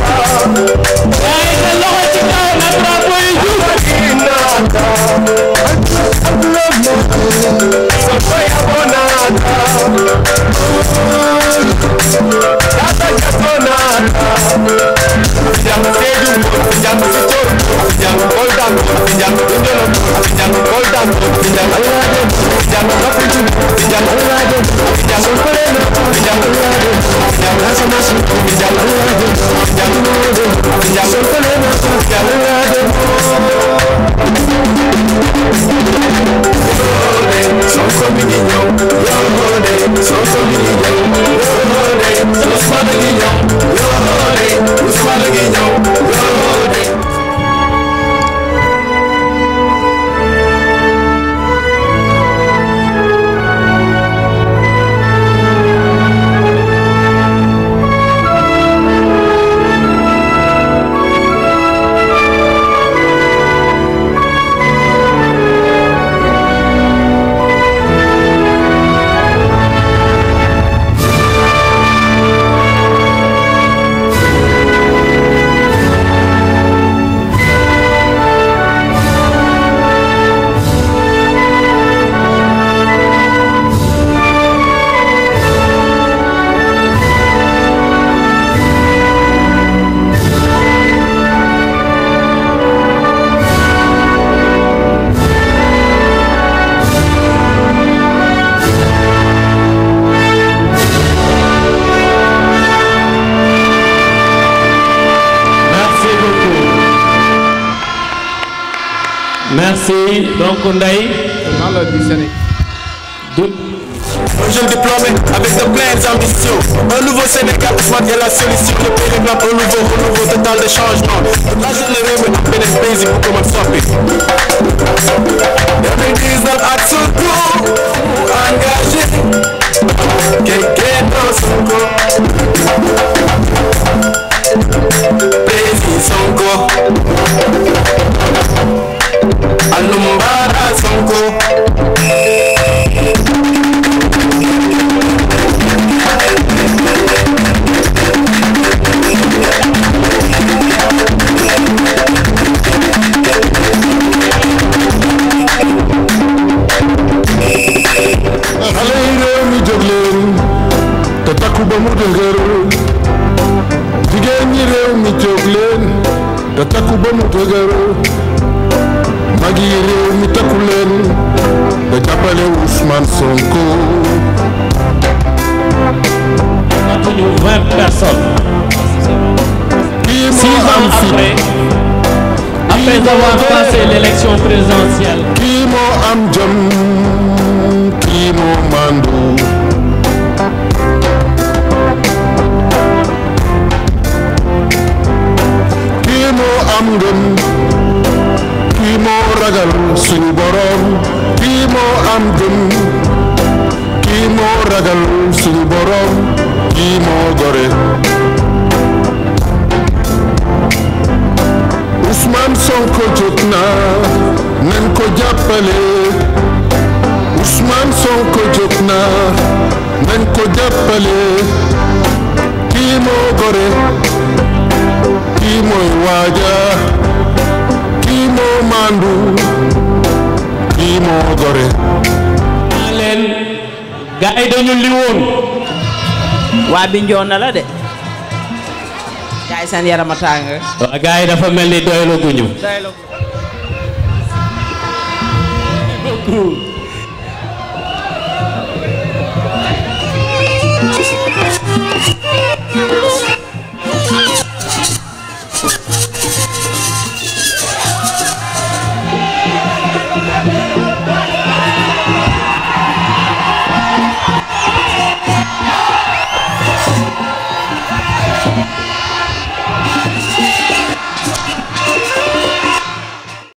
Allah Transformation, Merci. Donc, Ndaï. Jeune diplômé avec de pleines ambitions. Un nouveau Sénégal, Ousmane est la solution. Le pays réclame un nouveau renouveau total de changement. La jeune rêve de bénéfice pour comment frapper. 2019 à ce tour. ba mu dëgër jigéen ñi réew mi jóg leen te takku ba mu dëgër mag yi réew mi takku leen te jàppale Ousmane Sonko. matuñu vingt personnes. kii moo am fi six ans après après avoir passé l'élection présidentielle. kii moo am jëm. am ngëm kii moo ragal suñu Sonko jóg na nañ ko jàppale Ousmane Sonko jóg na nañ ko jàppale moo gore kii mooy waaja kii moo mandu kii moo gore naa leen ga dañu li waa bi njoona la de gaay seen yaram a tàng waa gaay dafa mel ni doylu guñu